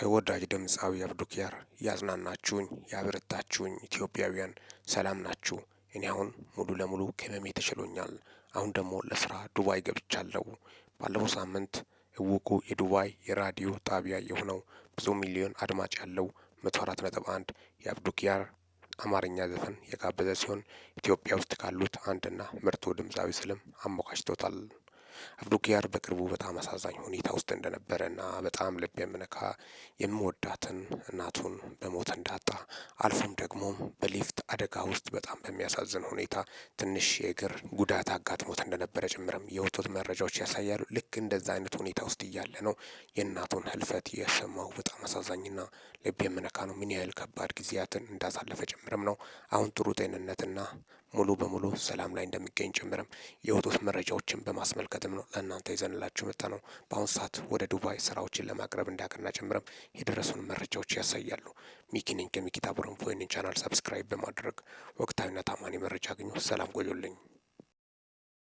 ተወዳጅ ድምፃዊ አብዱኪያር ያዝናናችሁኝ ያበረታችሁኝ ኢትዮጵያውያን ሰላም ናችሁ። እኔ አሁን ሙሉ ለሙሉ ከህመሜ ተሽሎኛል። አሁን ደግሞ ለስራ ዱባይ ገብቻለሁ። ባለፈው ሳምንት እውቁ የዱባይ የራዲዮ ጣቢያ የሆነው ብዙ ሚሊዮን አድማጭ ያለው መቶ አራት ነጥብ አንድ የአብዱኪያር አማርኛ ዘፈን የጋበዘ ሲሆን ኢትዮጵያ ውስጥ ካሉት አንድና ምርቶ ድምፃዊ ስልም አሞካሽቶታል። አብዱኪያር በቅርቡ በጣም አሳዛኝ ሁኔታ ውስጥ እንደነበረና በጣም ልብ የምነካ የምወዳትን እናቱን በሞት እንዳጣ አልፎም ደግሞ በሊፍት አደጋ ውስጥ በጣም በሚያሳዝን ሁኔታ ትንሽ የእግር ጉዳት አጋጥሞት እንደነበረ ጭምርም የወጡት መረጃዎች ያሳያሉ። ልክ እንደዛ አይነት ሁኔታ ውስጥ እያለ ነው የእናቱን ህልፈት የሰማው። በጣም አሳዛኝና ልብ የምነካ ነው። ምን ያህል ከባድ ጊዜያትን እንዳሳለፈ ጭምርም ነው። አሁን ጥሩ ጤንነትና ሙሉ በሙሉ ሰላም ላይ እንደሚገኝ ጭምርም የወጡት መረጃዎችን በማስመልከትም ነው ለእናንተ ይዘንላችሁ መጣ ነው። በአሁኑ ሰዓት ወደ ዱባይ ስራዎችን ለማቅረብ እንዳቀና ጭምርም የደረሱን መረጃዎች ያሳያሉ። ሚኪነኝ ከሚኪታ ቡረንፎይንን ቻናል ሰብስክራይብ በማድረግ ወቅታዊና ታማኒ መረጃ አግኙ። ሰላም ቆዩልኝ።